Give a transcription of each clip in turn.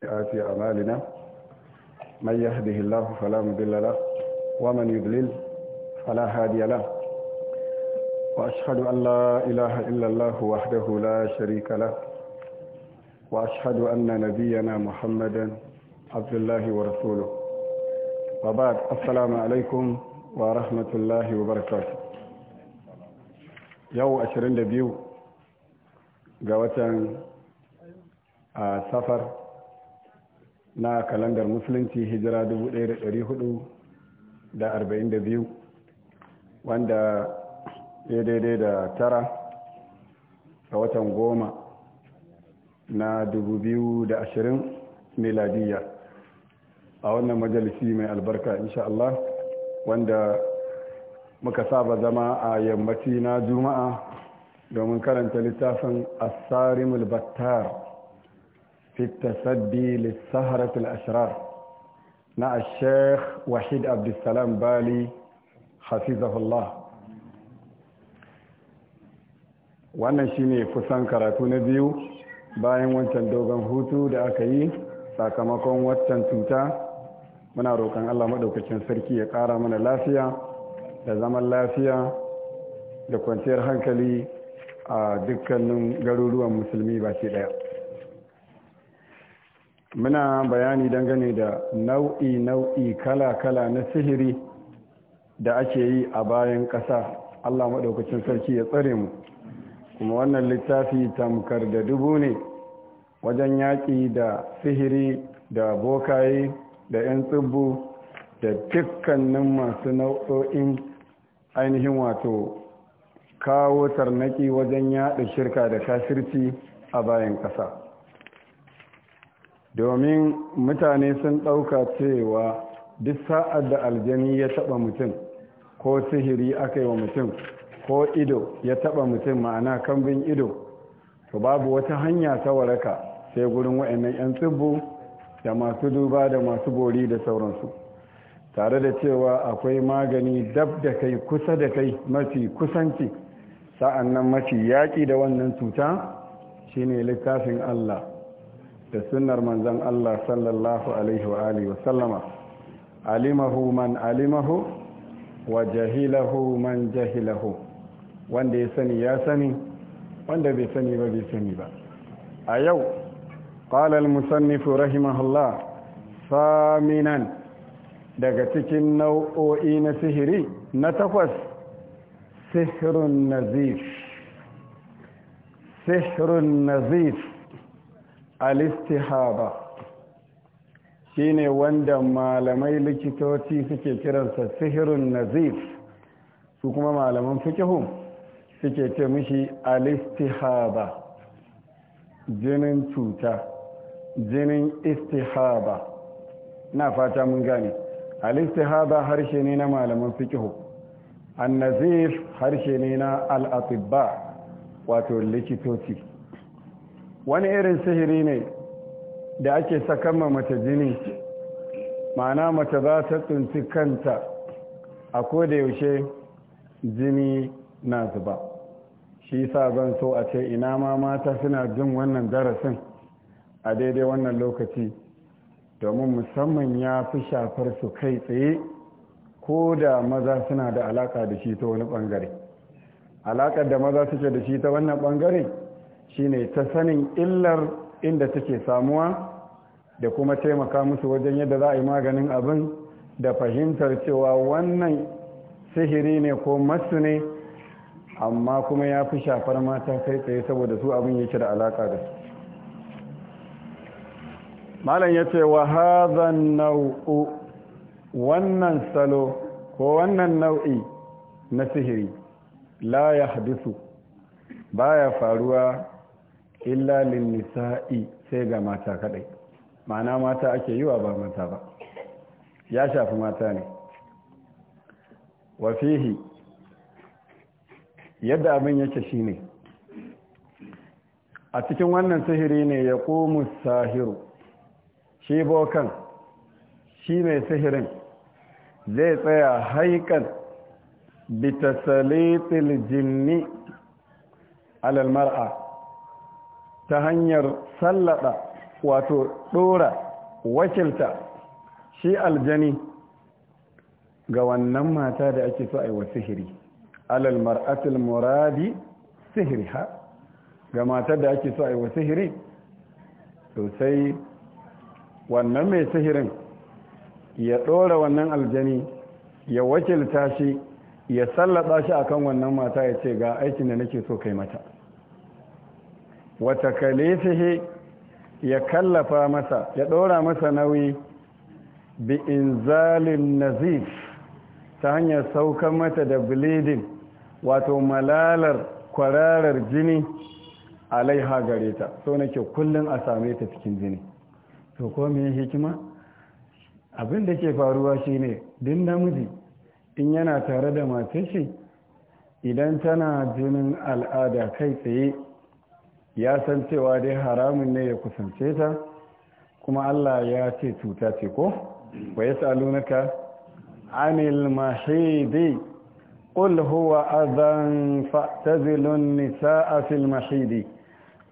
سيئات أعمالنا من يهده الله فلا مضل له ومن يضلل فلا هادي له وأشهد أن لا إله إلا الله وحده لا شريك له وأشهد أن نبينا محمدا عبد الله ورسوله وبعد السلام عليكم ورحمة الله وبركاته يوم أشرين دبيو قوة سفر na kalandar musulunci hijira 1442 wanda ya daidai da tara a watan goma na 2020 miladiya a wannan majalisi mai albarka insha Allah wanda muka saba zama a yammaci na juma'a domin karanta littafin asarimul battar في التصدي للسهرة الأشرار مع الشيخ وحيد عبد السلام بالي حفظه الله wannan shine kusan karatu na biyu bayan wancan dogon hutu da aka yi sakamakon waccan cuta muna roƙon Allah maɗaukacin sarki ya ƙara mana lafiya da zaman lafiya da kwanciyar hankali a dukkanin garuruwan musulmi baki ɗaya muna bayani dangane da nau'i nau'i kala-kala na sihiri da ake yi a bayan ƙasa allah maɗaukacin sarki ya tsare mu kuma wannan littafi tamkar da dubu ne wajen yaƙi da sihiri da bokaye da 'yan tsibbu da dukkanin masu nau'o'in ainihin wato kawo tarnaki wajen yaɗa shirka da kasirci a bayan ƙasa. domin mutane sun ɗauka cewa duk sa'ad da aljani ya taɓa mutum ko sihiri aka yi wa mutum ko ido ya taɓa mutum ma'ana kambin ido to babu wata hanya ta waraka sai gurin wa'annan 'yan tsibbu da masu duba da masu bori da sauransu tare da cewa akwai magani dab da kai kusa da kai mafi kusanci sa'an nan mafi yaƙi da wannan cuta shine littafin Allah da sunnar manzon Allah sallallahu alaihi wa alihi wa sallama alimahu man alimahu wa jahilahu man jahilahu wanda ya sani ya sani wanda bai sani ba bai sani ba a yau qala musannifu musannif rahimahullah saminan daga cikin nau'o'i na sihiri na takwas sihirun nazif sihirun nazif alistihaba shine wanda malamai likitoci suke kiransa sihirun nazif su kuma malaman fikihu suke ce alistihaba jinin cuta jinin istihaba na fata mun gane alistihaba harshe ne na malaman fikihu annazif harshe ne na al'atibba wato likitoci wani irin sihiri ne da ake ma mace jini ma'ana mace za ta tsinci kanta a yaushe jini na zuba shi sa zan so a ce ina ma mata suna jin wannan darasin a daidai wannan lokaci domin musamman ya fi shafar su kai tsaye ko da maza suna da alaka da shi ta wani bangare alakar da maza suke da shi ta wannan bangare shine ta sanin illar inda take samuwa da kuma taimaka musu wajen yadda za a yi maganin abin da fahimtar cewa wannan sihiri ne ko masu ne amma kuma ya fi shafar mata kai tsaye saboda su abin yake da alaka da su malam ya ce wa hazan nau'u wannan salo ko wannan nau'i na sihiri la ya hadisu ba ya faruwa illa lin nisa'i sai ga mata kadai ma'ana mata ake yi wa ba mata ba ya shafi mata ne wa yadda abin yake shine a cikin wannan sihiri ne ya komu sahiru shi bokan shi mai sihirin zai tsaya haikan bitasalitil jinni alal mar'a ta hanyar sallada wato dora wakilta shi aljani ga wannan mata da ake so a yi wa sihiri alal mar'atul muradi sihriha ga matar da ake so a yi wa sihiri to sai wannan mai sihirin ya dora wannan aljani ya wakilta shi ya sallada shi akan wannan mata ya ce ga aikin da nake so kai mata wata kalifihi ya kallafa masa ya ɗora masa nauyi bi inzalin nazif ta hanyar saukan mata da bleeding wato malalar kwararar jini alaiha gare ta so nake kullum a same ta cikin jini to ko me hikima abin da ke faruwa shine din namiji in yana tare da matashi idan tana jinin al'ada kai tsaye ya san cewa dai haramun ne ya kusance ta kuma Allah ya ce cuta ce ko wa yasalunaka anil mahidi qul huwa adhan fa'tazilun nisaa fil mahidi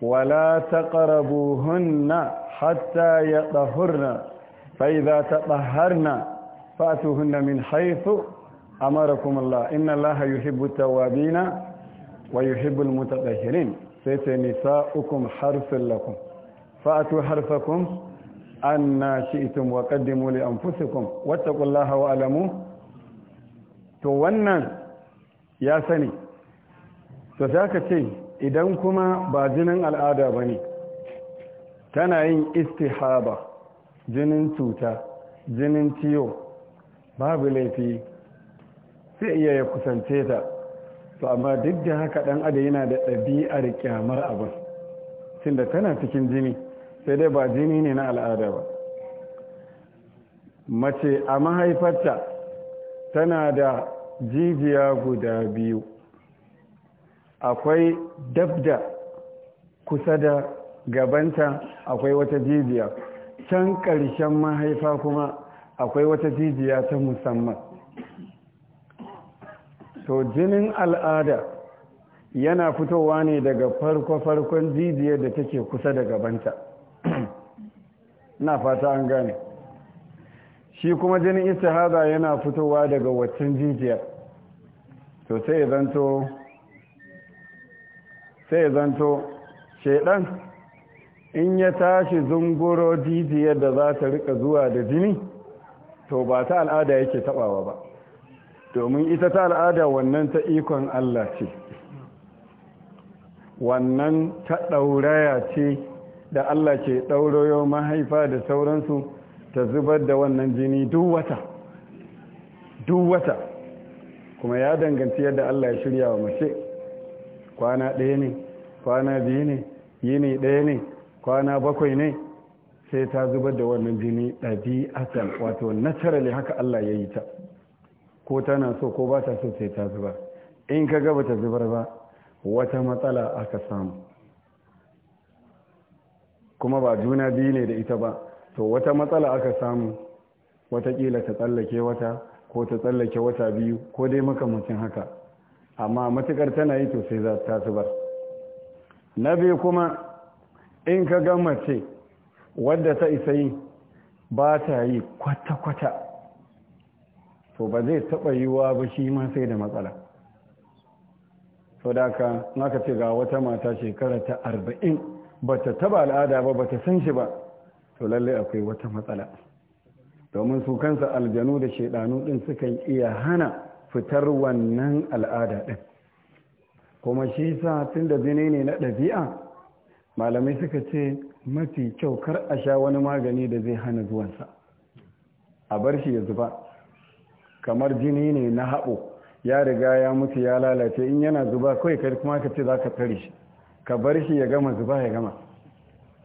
wa la taqrabuhunna hatta ولا تقربوهن حتى يطهرن فإذا تطهرن فأتوهن من حيث أمركم الله إن الله wa yuhibbu al-mutatahhirin sai ce nisa'ukum harfin lakum fa'atu harfakum anna shi'tum wa qaddimu li anfusikum ƙulla hawa alamu to wannan ya sani to za ka ce idan kuma ba jinin al'ada bane tana yin istihaba jinin cuta jinin ciwo babu laifi sai iya ya kusance ta to amma duk da haka dan ada yana da ɗabi'ar kyamar abin tunda tana cikin jini sai dai ba jini ne na al'ada ba mace a mahaifarta tana da jijiya guda biyu akwai dabda kusa da gabanta akwai wata jijiya can ƙarshen mahaifa kuma akwai wata jijiya ta musamman to jinin al'ada yana fitowa ne daga farko-farkon jijiyar da take kusa da gabanta na fata an gane shi kuma jinin istihaza yana fitowa daga waccan jijiyar to sai zanto sai zanto shaidan in ya tashi zunguro jijiyar da za ta rika zuwa da jini to ba ta al'ada yake tabawa ba domin ita ta al'ada wannan ta ikon Allah ce wannan ta ɗauraya ce da Allah ke ɗauroyo mahaifa da sauransu ta zubar da wannan jini duk wata kuma ya danganci yadda Allah ya shirya wa mace kwana ɗaya ne kwana biyu ne yini ɗaya ne kwana bakwai ne sai ta zubar da wannan jini ɗabi'atan wato naturally haka Allah ya yi ta ko tana so ko ba ta so sai ta zubar in ka gaba ta zubar ba wata matsala aka samu kuma ba juna biyu ne da ita ba to wata matsala aka samu watakila ta tsallake wata ko ta tsallake wata biyu ko dai makamacin haka amma matukar tana yi to sai za ta zubar na biyu kuma in ka ga mace wadda ta isa yi ba ta yi kwata-kwata to ba zai taɓa yiwuwa ba shi ma sai da matsala to da naka ce ga wata mata shekara ta arba'in ba ta taɓa al'ada ba ba ta san shi ba to lalle akwai wata matsala domin su kansa aljanu da shaidanu ɗin sukan iya hana fitar wannan al'ada ɗin kuma shi sa tun da zine ne na ɗabi'a malamai suka ce mafi kyau kar a sha wani magani da zai hana zuwansa a bar shi ya zuba kamar jini ne na haɓo ya riga ya mutu ya lalace in yana zuba kawai kai kuma ka ce za ka tare shi ka bar shi ya gama zuba ya gama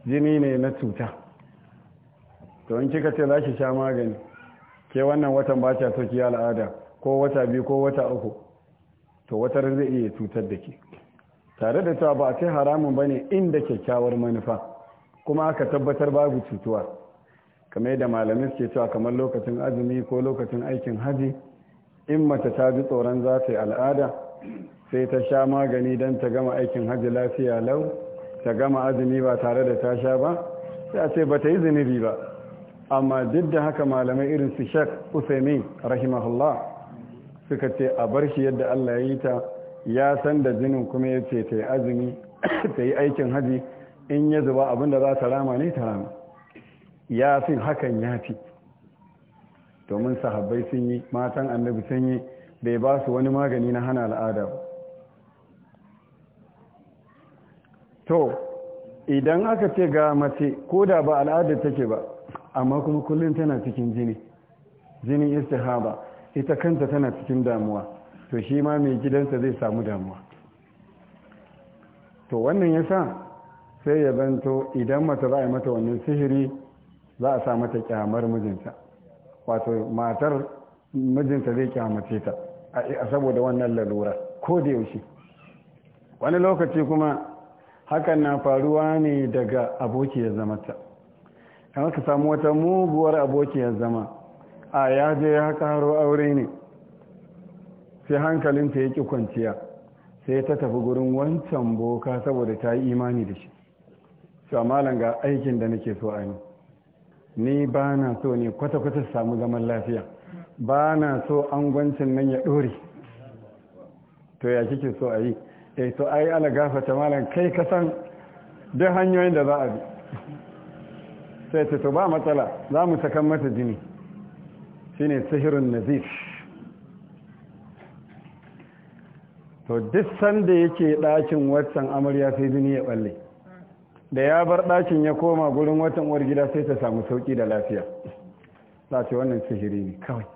jini ne na cuta to in kika ce za ki sha magani ke wannan watan ba ta soki al'ada ko wata biyu ko wata uku to watar zai iya cutar da ke tare da cewa ba a ce haramun ba ne inda kyakkyawar manufa kuma aka tabbatar babu cutuwa kamar da malamai suke cewa kamar lokacin azumi ko lokacin aikin haji in mace ta ji tsoron za ta yi al'ada sai ta sha magani don ta gama aikin haji lafiya lau ta gama azumi ba tare da ta sha ba sai a ce ba ta yi zunubi ba amma duk da haka malamai irin su shek usaimi rahimahullah suka ce a bar shi yadda allah ya yi ta ya san da jinin kuma ya ce ta yi azumi ta yi aikin haji in ya zuba abinda za ta rama ne ta rama ya fi hakan ya fi domin sahabbai sun yi matan annabi sun yi bai ba su wani magani na hana al'ada to idan aka ce ga mace ko da ba al'ada take ba amma kuma kullum tana cikin jini jinin istihaba ita kanta tana cikin damuwa to shi ma mai gidansa zai samu damuwa to wannan ya yasa sai ya zanto idan mace za a mata wannan sihiri za a sa mata kyamar mijinta wato matar mijinta zai kyamace ta a saboda wannan lalura ko da yaushe wani lokaci kuma hakan na faruwa ne daga abokiyar zamanta kamar ka samu wata muguwar abokiyar zama a ya je ya karo aure ne sai hankalinta ya ki kwanciya sai ta tafi gurin wancan boka saboda ta yi imani da shi su malam ga aikin da nake so a yi ni ba na so ne kwata-kwata samu zaman lafiya ba na so angwancin nan ya ɗore to ya kike so a yi e to ai ala ta malam kai kasan duk hanyoyin da za a bi sai ta to ba matsala za mu sakan mata jini shine sihirin nazif to duk sanda yake ɗakin watan amarya sai jini ya ɓalle da ya bar ɗakin ya koma gurin watan uwar gida sai ta samu sauƙi da lafiya za ce wannan sihiri ne kawai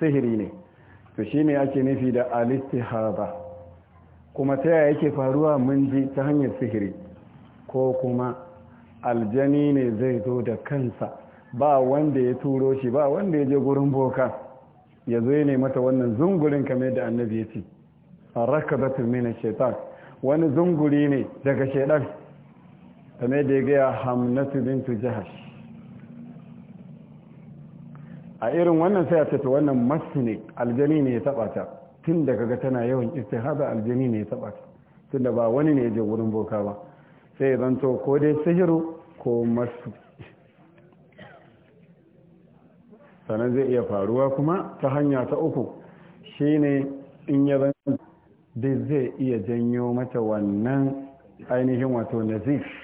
sihiri ne to shi ne ake nufi da alistihaba kuma ta yaya yake faruwa mun ji ta hanyar sihiri ko kuma aljani ne zai zo da kansa ba wanda ya turo shi ba wanda ya je gurin boka ya zo ne mata wannan zungurin kamar da annabi ya ce batu min shaitan wani zunguri ne daga shaitan kamar da ya gaya hamnatu bintu jihar a irin wannan sai a ce ta wannan masu ne aljani ne ya taba ta tun da kaga tana yawan haɗa aljani ne ya taba ta tun da ba wani ne ya je wurin boka ba sai ya zanto ko dai sihiru ko masu sannan zai iya faruwa kuma ta hanya ta uku shine in ya zanto zai iya janyo mata wannan ainihin wato nazif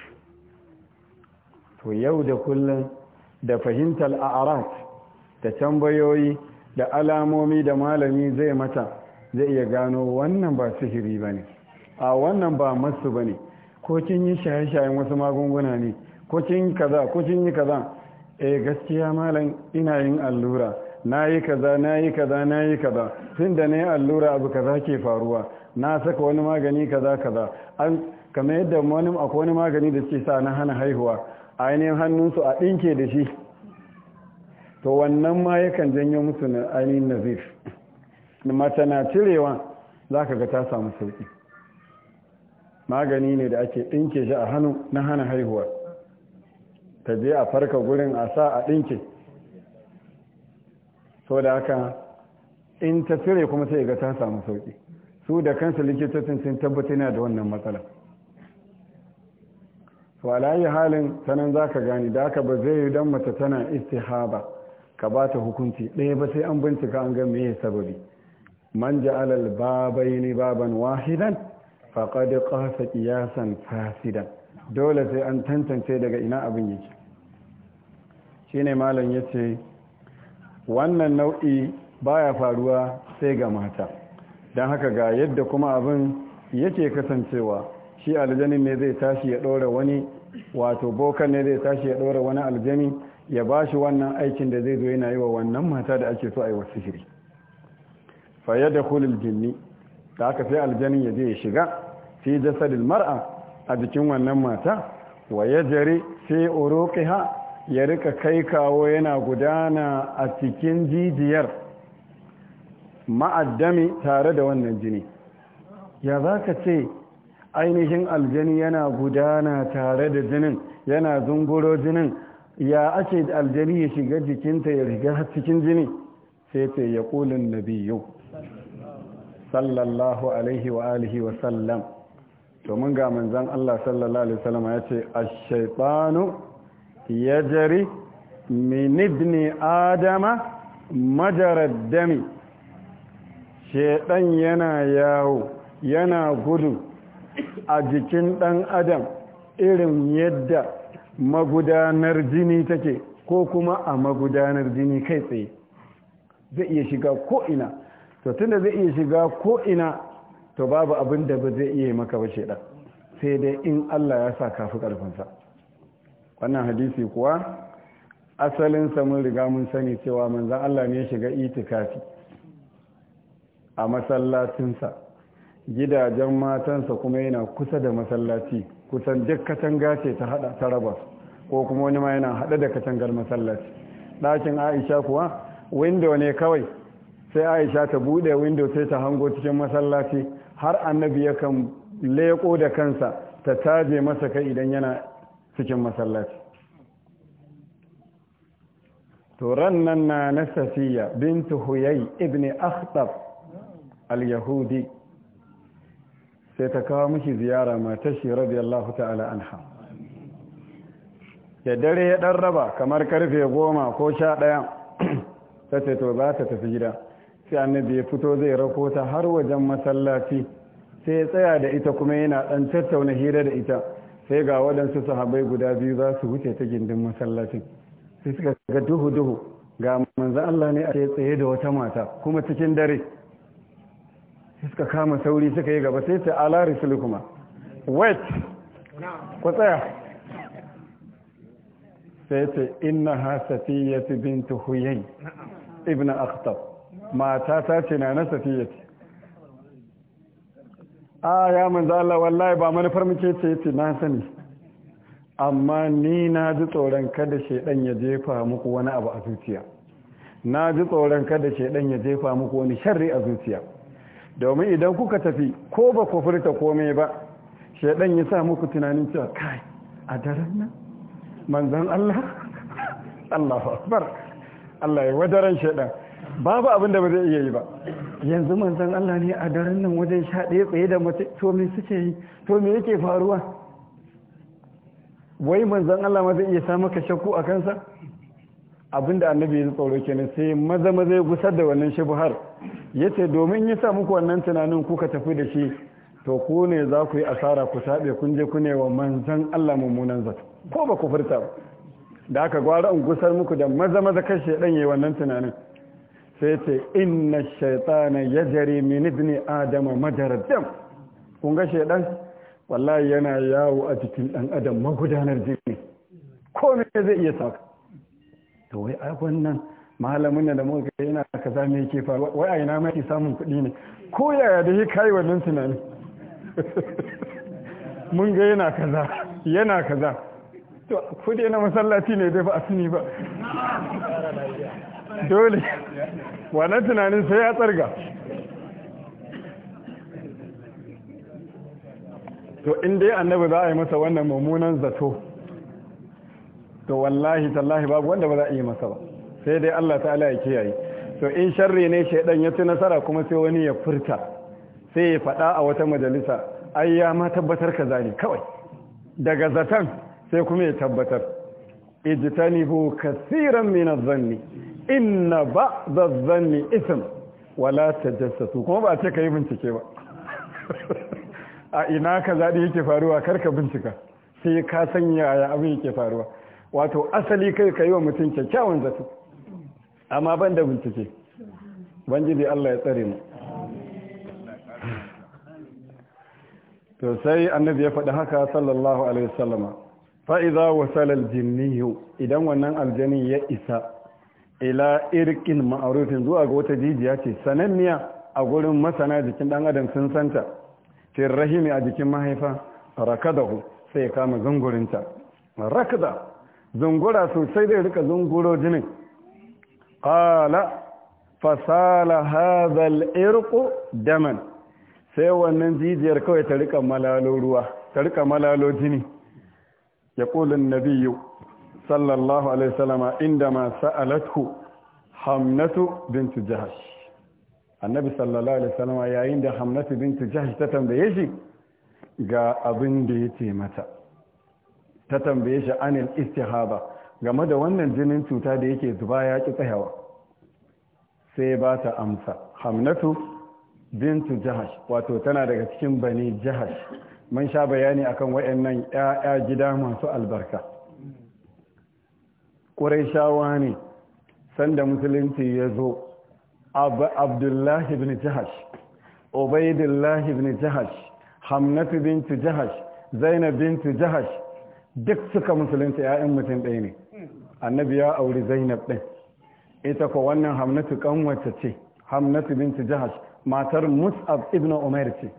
to yau da kullum da fahimtar a'arat da tambayoyi da alamomi da malami zai mata zai iya gano wannan ba sihiri ba ne a wannan ba masu ba ne ko kin yi shaye-shayen wasu magunguna ne ko kin yi kaza ko kin yi kaza eh gaskiya malam ina yin allura na yi kaza na yi kaza na yi kaza tun da na yi allura abu kaza ke faruwa na saka wani magani kaza kaza an kamar yadda wani akwai wani magani da ke sa na hana haihuwa ainihin hannunsu a ɗinke da shi to wannan ma yakan janyo musu na ainihin nazif mata na cirewa za ka ga ta samu sauƙi magani ne da ake ɗinke shi a hannu na hana haihuwa ta je a farka gurin a sa a ɗinke so da haka in ta cire kuma sai ga ta samu sauƙi su da kansu likitocin sun tabbatina da wannan matsalar walayi halin ta nan za ka gani da aka ba zai yi don mace tana istihaba ka ba ta hukunci ɗaya ba sai an bincika an ga meye sababi man alal babai babaini baban wahidan faqad ƙasa ƙiyasan fasidan dole sai an tantance daga ina abin yake Shi shine malam ce wannan nau'i baya faruwa sai ga mata don haka ga yadda kuma abin yake kasancewa shi aljanin ne zai tashi ya ɗora wani wato bokan ne zai tashi ya ɗora wani aljani ya ba shi wannan aikin da zai zo yana yi wa wannan mata da ake so a yi wa sihiri faye da kulil jinni da aka sai aljanin ya je ya shiga fi jasadin mar'a a jikin wannan mata wa ya jare sai ha? ya rika kai kawo yana gudana a cikin jijiyar ma'addami tare da wannan jini ya za ka ce ainihin aljani yana gudana tare da jinin yana zunguro jinin ya ake aljani ya shiga jikinta ya riga cikin jini sai ce ya kulin nabiyu sallallahu alaihi wa alihi wa sallam domin ga manzan Allah sallallahu alaihi wasallam ya ce ash-shaytanu yajri min ibni adama majarad dami shaytan yana yawo yana gudu a jikin ɗan adam irin yadda magudanar jini take ko kuma a magudanar jini kai tsaye zai iya shiga ko'ina to tunda zai iya shiga ko'ina to babu abin da ba zai iya maka ba shaidan sai dai in Allah ya sa kafi ƙarfinsa wannan hadisi kuwa asalinsa mun riga mun sani cewa manzan Allah ne ya shiga itikafi a masallacinsa gidajen matansa kuma yana kusa da masallaci kusan duk katanga ce ta hada ta raba ko kuma wani ma yana hada da katangar masallaci ɗakin aisha kuwa window ne kawai sai aisha ta bude window sai ta hango cikin masallaci har annabi kan leko da kansa ta taje masa kai idan yana cikin masallaci to rannan na na bintu huyai ibn akhtab al-yahudi sai ta kawo mishi ziyara matar shi radiyallahu ta'ala anha da dare ya ɗan raba kamar karfe goma ko sha ɗaya ta ce to za ta tafi gida sai annabi ya fito zai rako ta har wajen masallaci sai ya tsaya da ita kuma yana ɗan tattauna hira da ita sai ga waɗansu sahabai guda biyu za su wuce ta gindin masallacin sai suka ga duhu duhu ga manzan Allah ne a tsaye da wata mata kuma cikin dare suka kama sauri suka yi gaba sai ta alari su kuma wait ku tsaya sai ce inna ha safiyatu bintu huyay ibn akhtab mata ta ce na na safiyatu a ya manzo Allah wallahi ba manufar muke ce ce na sani amma ni na ji tsoron kada shedan ya jefa muku wani abu a zuciya na ji tsoron kada shedan ya jefa muku wani sharri a zuciya domin idan kuka tafi ko ba ku furta komai ba shaidan ya sa muku tunanin cewa kai a daren nan manzan Allah Allahu akbar Allah ya wadaran shaidan babu abin da ba zai iya yi ba yanzu manzan Allah ne a daren nan wajen sha ɗaya tsaye da mace to me suke yi to me yake faruwa wai manzan Allah ma zai iya sa maka shakku a kansa Abin da annabi ya tsoro kenan sai maza maza ya gusar da wannan buhar yace domin ya sa muku wannan tunanin kuka tafi da shi to ku ne za ku yi asara ku saɓe kun je ku ne wa manzan Allah mummunan zato ko ba ku furta ba da aka gwara in gusar muku da maza maza kan shedan yayi wannan tunanin sai ce inna shaytana yajri min ibni adama majarad kun ga shedan wallahi yana yawo a jikin dan adam magudanar jini ko ne zai iya saka da wai aikon nan malamin da mu ga yana kaza me yake faruwa wai a na mai samun kuɗi ne ko yaya da shi kai wannan tunani mun ga yana kaza yana kaza to ku na masallaci ne dai ba a sani ba dole wannan tunanin sai ya tsarga to in dai annabi za a yi masa wannan mummunan zato to wallahi tallahi babu wanda ba za a yi masa ba sai dai Allah ta'ala ya kiyaye to in sharri ne shaidan ya ci nasara kuma sai wani ya furta sai ya faɗa a wata majalisa ai ya ma tabbatar ka ne kawai daga zatan sai kuma ya tabbatar ijtanibu kaseeran min az-zanni inna ba'd zanni dhanni ithm wala tajassasu kuma ba ce kai bincike ba a ina ka zadi yake faruwa karka bincika sai ka sanya yaya abin yake faruwa wato asali kai ka yi wa mutum kyakkyawan zato amma ban da bincike banjidi Allah ya tsare mu to sai annabi ya faɗi haka sallallahu alaihi wasallama fa'iza wa salal jinniyu idan wannan aljani ya isa ila irkin ma'arufin zuwa ga wata jijiya ce sananniya a gurin masana jikin dan adam sun santa fil a jikin mahaifa rakadahu sai ya kama zungurinta rakada zungura sosai zai rika zunguro jinin qala fasala hadha al daman sai wannan jijiyar kawai ta rika malalo ruwa ta rika malalo jini ya kulin nabiyyu sallallahu alaihi wasallama inda ma sa'alathu hamnatu bintu jahash annabi sallallahu alaihi wasallama yayin da hamnatu bintu jahash ta tambaye shi ga abin da yake mata ta tambaye shi anil istihaba game da wannan jinin cuta da yake zuba ya ki tsayawa sai ba ta amsa hamnatu bintu jahash wato tana daga cikin bani jahash mun sha bayani akan wayannan ƴaƴa gida masu albarka ƙurayshawa ne sanda musulunci ya zo abdullahi ibn jahash ubaidullahi ibn jahash hamnatu bintu jahash zainab bintu jahash duk suka musulunta ‘ya'yan mutum ɗaya ne annabi ya auri zainab ɗin ita ko wannan hamnatu kanwace ce hamnatu binti jihar matar mus'ab ibn umar ce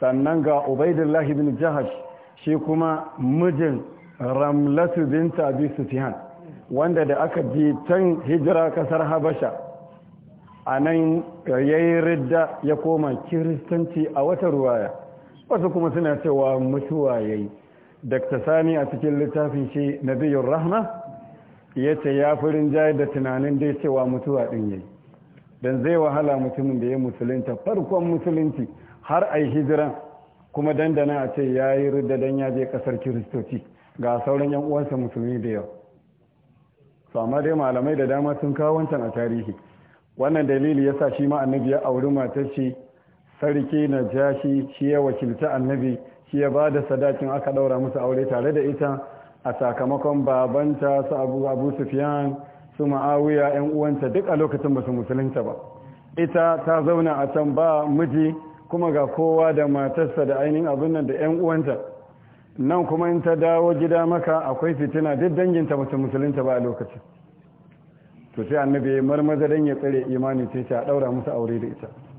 sannan ga ubaidullah ibn jahash shi kuma mijin ramlatu binta abi sufyan wanda da aka ji can hijira kasar habasha a nan ya ridda ya koma kiristanci a wata ruwaya wasu kuma suna cewa mutuwa yayi dakta sani a cikin littafin shi na biyun rahma ya ce ya fi rinjaye da tunanin dai cewa mutuwa din yayi dan zai wahala mutumin da ya musulunta farkon musulunci har a yi hijiran kuma dandana a ce ya yi rudda dan ya je kasar kiristoci ga sauran yan uwansa musulmi da yau su amma dai malamai da dama sun kawo wancan a tarihi wannan dalili sa shi ma annabi ya auri matar shi sarki na jashi shi ya wakilta annabi shi ya ba da sadakin aka ɗaura musu aure tare da ita a sakamakon babanta su abu abu sufiyan su ma'awiya yan uwanta duk a lokacin basu musulunta ba ita ta zauna a can ba miji kuma ga kowa da matarsa da ainihin abin nan da yan uwanta nan kuma in ta dawo gida maka akwai fitina duk danginta basu musulunta ba a lokacin to annabi ya marmaza dan ya tsare imani sai ta daura musu aure da ita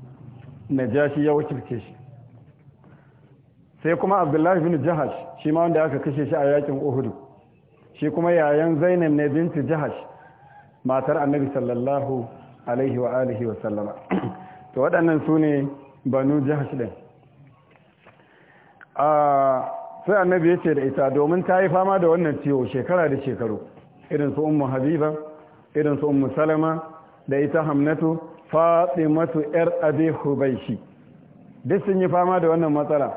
najashi ya wakilce shi sai kuma abdullahi bin jahash shi ma wanda aka kashe shi a yakin uhudu shi kuma yayan zainab ne binti jahash matar annabi sallallahu alaihi wa alihi wa sallama to waɗannan su ne banu jahash ɗin ah, sai annabi ya ce da ita domin ta yi fama da wannan ciwo shekara da shekaru irin su ummu habiba irin su salama da ita hamnatu fatimatu yar abi hubaishi duk sun yi fama da wannan matsala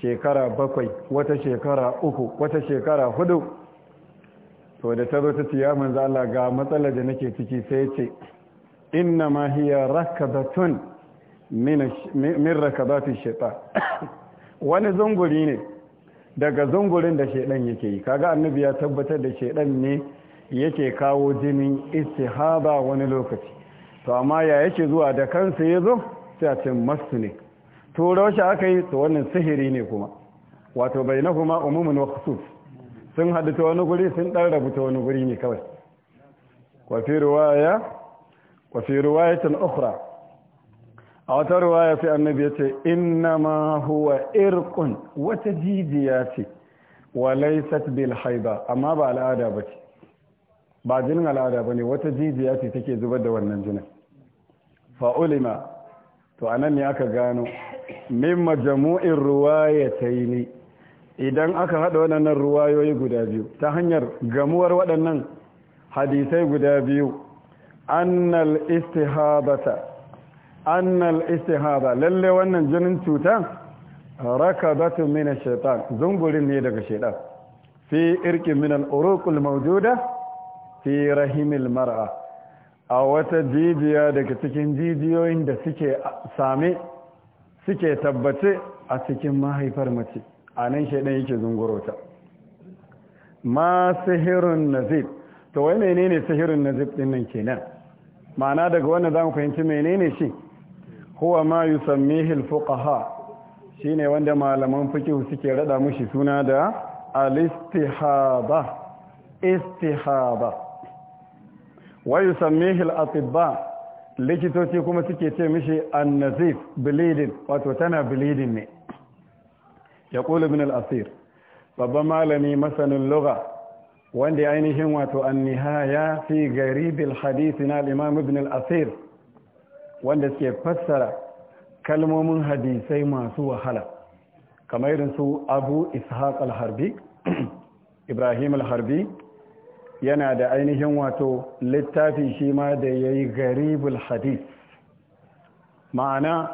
shekara bakwai wata shekara uku wata shekara hudu to da ta zo ta ciya manzo Allah ga matsalar da nake ciki sai ce inna ma hiya rakabatun min min rakabati shaytan wani zunguri ne daga zungurin da shaydan yake yi kaga annabi ya tabbatar da shaydan ne yake kawo jinin istihaba wani lokaci to amma ya yake zuwa da kansa ya zo sai a ce masu ne turo shi aka yi to wannan sihiri ne kuma wato bai na kuma umumin wa sun haɗu ta wani guri sun ɗan rabu ta wani guri ne kawai wafi ruwaya ya cin ukhra a wata ruwaya sai annabi ya ce inna ma huwa irkun. wata jijiya ce wa laisat bil haiba amma ba al'ada ba ce ba jinin al'ada ba ne wata jijiya ce take zubar da wannan jinin fa'ulima to anan ne aka gano min majamu'in ta yi ne idan aka haɗa waɗannan ruwayoyi guda biyu ta hanyar gamuwar waɗannan hadisai guda biyu annal istihabata annal istihaba lalle wannan jinin cuta raka batun mina shaitan zungurin ne daga shaytan fi irkin minan urukul maujuda fi rahimil mara a wata jijiya daga cikin jijiyoyin da suke same suke tabbace a cikin mahaifar mace a nan shaidan yake zungurota ma sihirin nazib to wai menene sihirin nazib din nan kenan ma'ana daga wannan zamu fahimci menene shi huwa ma yusammihi al-fuqaha shine wanda malaman fiqh suke rada mushi suna da al-istihaba istihaba Wai yusammihi al-atibba likitoci kuma suke ce mishi annazif bilidin wato tana bilidin ne ya qulu min al-asir babban malami masanin Loga wanda ya ainihin wato annihaya nihaya fi garibin al na al-imam ibn al-asir wanda suke fassara kalmomin hadisai masu wahala kamar irin su abu ishaq al-harbi ibrahim al-harbi yana da ainihin wato littafi shi ma da ya yi garibul hadith ma'ana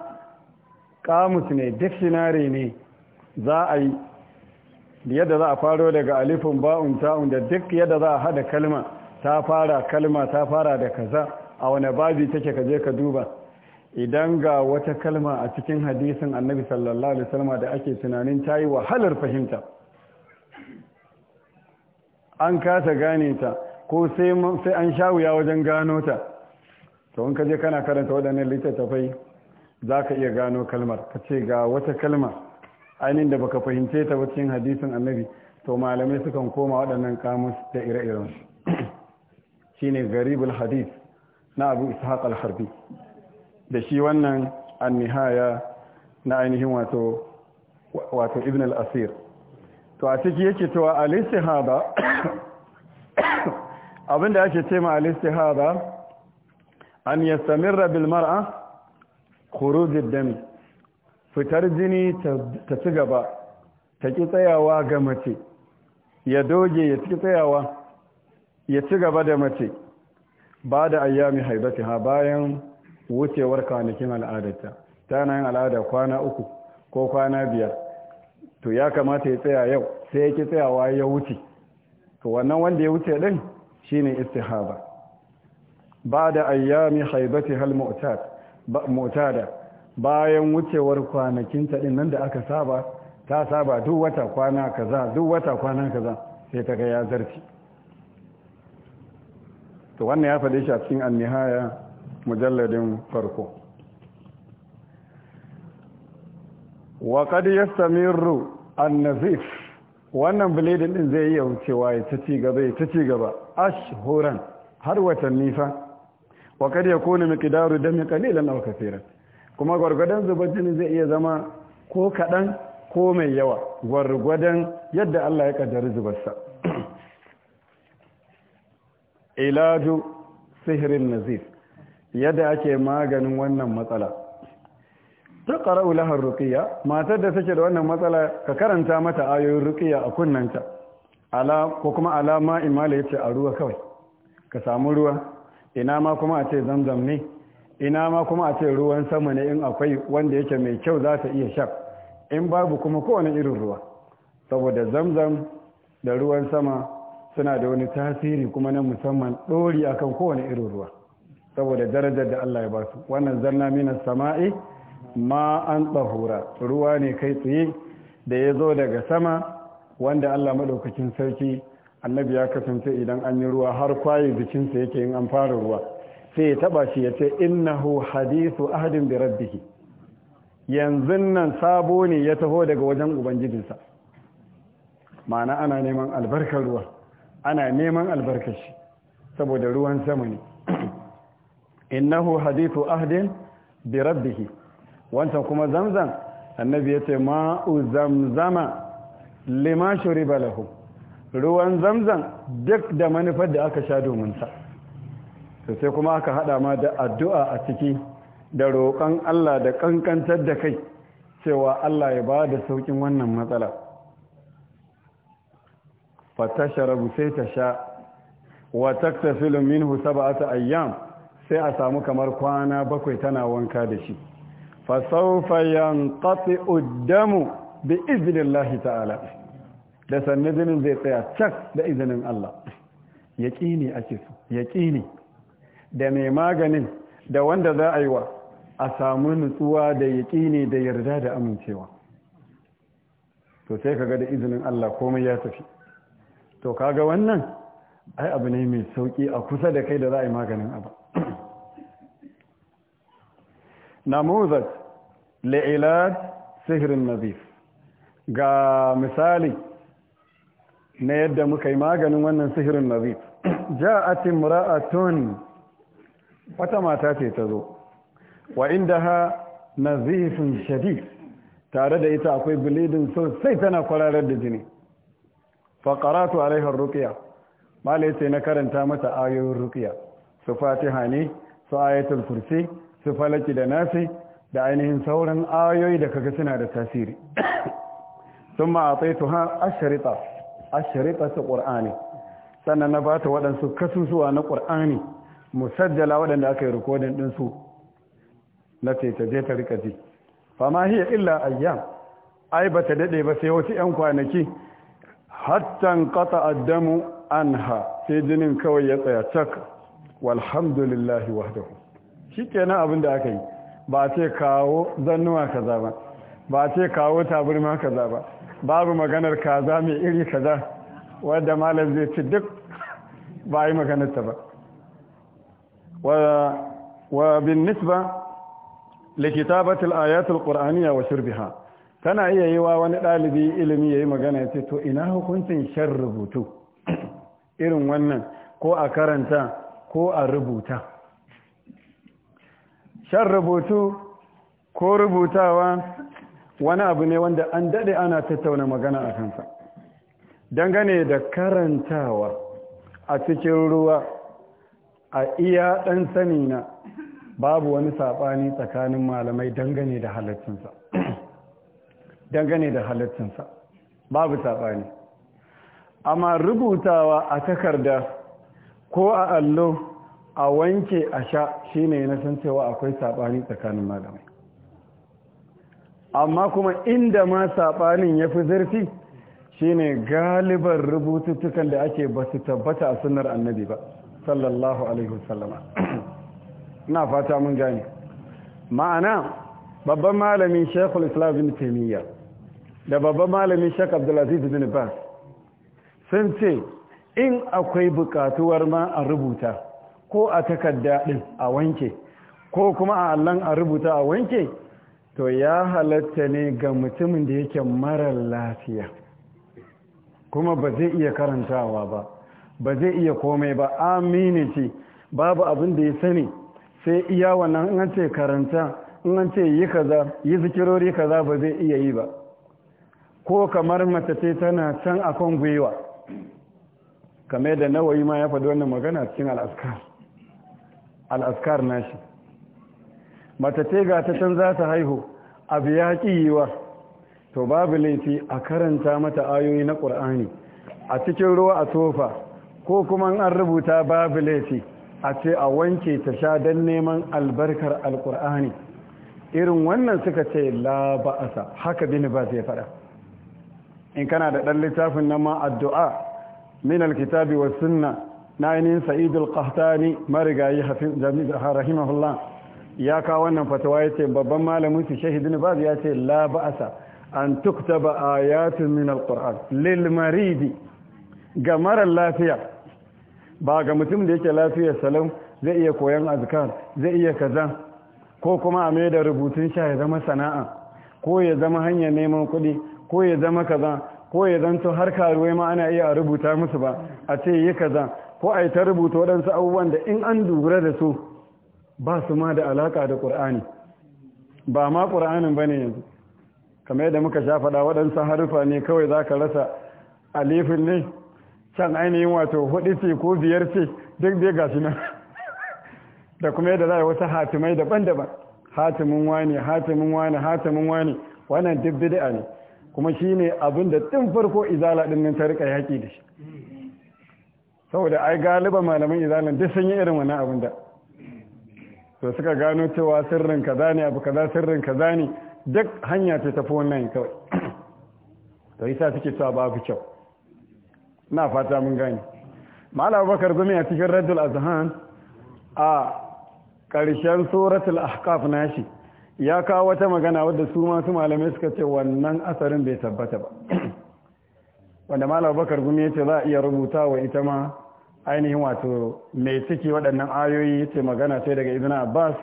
kamus ne dictionary ne za a yi yadda za a faro daga alifin ba'un ta'un da duk yadda za a hada kalma ta fara kalma ta fara da kaza a wane babi take ka je ka duba idan ga wata kalma a cikin hadisin annabi sallallahu alaihi wasallam da ake tunanin tayi wahalar fahimta an kasa gane ta ko sai an sha wuya wajen gano ta to in ka je kana karanta waɗannan littattafai za ka iya gano kalmar ka ce ga wata kalma ainihin da baka fahimce ta ba cikin hadisin annabi to malamai sukan koma waɗannan kamus da ire-iren shine garibul hadis na abu ishaq al-harbi da shi wannan an-nihaya na ainihin wato wato ibn al-asir to a ciki yake cewa al-istihada abinda ake ce ma al-istihada an yastamirra bil mar'a khuruj ad fitar jini ta ci gaba ta ki tsayawa ga mace ya doge ya ci tsayawa ya ci gaba da mace ba da ayyami haibatiha bayan wucewar kwanakin al'adarta tana yin al'ada kwana uku ko kwana biyar to ya kamata ya tsaya yau sai ya tsayawa ya wuce to wannan wanda ya wuce din shine istihaba ba da ayyami haibati hal mu'tada bayan wucewar kwanakin ta din nan da aka saba ta saba duk wata kwana kaza duk wata kwana kaza sai ta ga ya zarci to wannan ya fade shi a cikin an-nihaya mujalladin farko wa kad yastamirru an-nazif wannan biledin din zai iya wucewa ya ta ci gaba ya ta ci gaba ashhuran har watanni nifa wa kad don miqdaru dami qalilan aw kaseeran kuma gwargwadon zubar jini zai iya zama ko kaɗan ko mai yawa gwargwadon yadda Allah ya kaddari zubarsa ilaju sihirin nazif yadda ake maganin wannan matsala ta ƙara'u lahar matar da take da wannan matsala ka karanta mata ayoyin ruƙiya a kunnanta ko kuma alama imala ya ce a ruwa kawai ka samu ruwa ina ma kuma a ce zamzam ne ina ma kuma a ce ruwan sama ne in akwai wanda yake mai kyau za ta iya sha in babu kuma kowane irin ruwa saboda zamzam da ruwan sama suna da wani tasiri kuma na musamman ɗori akan kowane irin ruwa saboda darajar da Allah ya ba su wannan zanna minas sama'i ma an tsahura ruwa ne kai tsaye da ya zo daga sama wanda allah maɗaukakin sarki annabi ya kasance idan an yi ruwa har kwaye jikinsa yake yin an fara ruwa sai ya taba shi ya ce innahu hadithu ahadin bi rabbihi yanzu nan sabo ne ya taho daga wajen ubangijinsa ma'ana ana neman albarkar ruwa ana neman albarkar shi saboda ruwan sama ne innahu hadithu ahadin bi rabbihi wancan kuma zamzam annabi ya ce ma'u zamzama lima shuriba lahu ruwan zamzam duk da manufar da aka sha domin sa to sai kuma aka hada ma da addu'a a ciki da roƙon Allah da kankantar da kai cewa Allah ya ba da saukin wannan matsala fatasharabu sai ta sha wa taktafilu minhu sab'ata ayyam sai a samu kamar kwana bakwai tana wanka da shi fasaufa yanqati uddamu bi iznillahi ta'ala da sanne jinin zai tsaya cak da izinin Allah yaqini ake so yaqini da mai maganin da wanda za a yi wa a samu nutsuwa da yaqini da yarda da amincewa to sai ga da izinin Allah komai ya tafi to kaga wannan ai abu ne mai sauƙi a kusa da kai da za a yi maganin abu نموذج لعلاج سهر nazif ga misali na yadda muka yi maganin wannan sihirin nazif ja'at imra'atun wata mata ce ta zo wa indaha nazifun shadid tare da ita akwai bleeding sosai tana kwararar da jini fa qara'tu alaiha ruqya malai sai na karanta mata ayoyin ruqya su fatiha ne su ayatul kursi su falaki da nasi da ainihin sauran ayoyi da kaga suna da tasiri sun ma'ataitu ha asharita asharita su ƙur'ani sannan na bata ta waɗansu kasusuwa na ƙur'ani musajjala waɗanda aka yi rikodin ɗinsu na ta je ta rika ji fama hiya illa ayyam ai ba ta daɗe ba sai wasu 'yan kwanaki hattan kata addamu anha sai jinin kawai ya tsaya cak walhamdulillahi wahdahu shi kenan abin da aka yi ba ce kawo zannuwa kaza ba ba ce kawo taburma kaza ba babu maganar kaza mai iri kaza wadda malam zai ci duk ba yi maganarta ba wa bin nisba batul ayatul qur'aniya wa shirbiha tana iya yi wa wani ɗalibi ilimi ya yi magana ya ce to ina hukuncin shan rubutu irin wannan ko a karanta ko a rubuta shan rubutu ko rubutawa wani abu ne wanda an daɗe ana tattauna magana a kansa dangane da karantawa a cikin ruwa a iya ɗan sani na babu wani saɓani tsakanin malamai dangane da halittinsa dangane da halittinsa babu saɓani amma rubutawa a takarda ko a allo a wanke a sha shi ne na san cewa akwai saɓani tsakanin malamai amma kuma inda ma saɓanin ya fi zurfi shi ne galibar rubututtukan da ake ba su tabbata a sunar annabi ba sallallahu alaihi wasallama na fata mun gani ma'ana babban malamin shekul islam bin taimiyya da babban malamin shek abdulaziz bin bas sun ce in akwai bukatuwar ma a rubuta ko a takarda ɗin a wanke ko kuma a allon a rubuta a wanke to ya halatta ne ga mutumin da yake marar lafiya kuma ba zai iya karantawa ba ba zai iya komai ba amini babu abin da ya sani sai iya wannan an ce karanta an ce yi kaza yi zikirori kaza ba zai iya yi ba ko kamar mace tana can akan gwiwa kame da nawayi ma ya faɗi wannan magana cikin al'askar al'askar nashi mata ce ga ta can za ta haihu abu ya wa to babu laifi a karanta mata ayoyi na ƙur'ani a cikin ruwa a tofa ko kuma an rubuta babu laifi a ce a wanke ta sha don neman albarkar alkur'ani irin wannan suka ce la ba'asa haka bini ba zai fada in kana da ɗan littafin nan ma addu'a min alkitabi wa sunna na sa'id al-qahtani marigayi rahimahullah ya kawo wannan fatawa yace babban malamin su shahidin baz ya ce la ba'asa an tuktaba ayatun min al-qur'an lil maridi ga mara lafiya ba ga mutum da yake lafiyar salam zai iya koyan azkar zai iya kaza ko kuma a mai da rubutun sha ya zama sana'a ko ya zama hanyar neman kuɗi ko ya zama kaza ko ya zanto har karuwai ma ana iya rubuta musu ba a ce yi kaza ko a yi ta rubuta waɗansu abubuwan da in an dubura da su ba su ma da alaƙa da ƙur'ani ba ma ƙur'anin ba ne yanzu kamar yadda muka sha faɗa waɗansu harufa ne kawai za ka rasa alifin ne can ainihin wato hudu ce ko biyar ce duk dai gashi nan da kuma yadda za a yi wasu hatimai daban-daban hatimin wani hatimin wani hatimin wani wannan duk bid'a ne kuma shine abin da tun farko izala ɗin nan ta rika yaƙi da shi saboda ai galiba malaman izalin duk sun yi irin wani abin da to suka gano cewa sirrin kaza ne abu kaza sirrin kaza ne duk hanya ce tafi wannan kawai to yasa suke cewa fi kyau na fata mun gane mala abubakar zumi a cikin radul azhan a ƙarshen suratul ahqaf nashi ya kawo wata magana wadda su masu malamai suka ce wannan asarin bai tabbata ba wanda malam bakar gumi ce za a iya rubuta wa ita ma ainihin wato mai ciki waɗannan ayoyi ce magana sai daga na abbas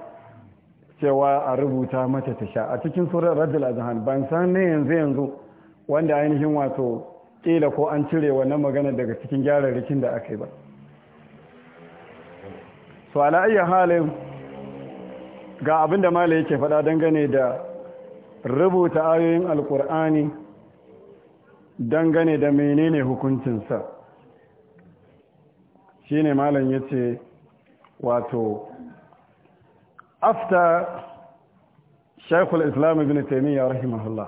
cewa a rubuta mata ta sha a cikin surar rajul azhan ban san ne yanzu yanzu wanda ainihin wato kila ko an cire wannan magana daga cikin rikin da aka yi ba so ala ayyi halin ga abin da yake faɗa dangane da rubuta ayoyin alkur'ani dangane da menene hukuncinsa shi ne malam ya ce wato afta shaikul islam ibn taimiyya rahimahullah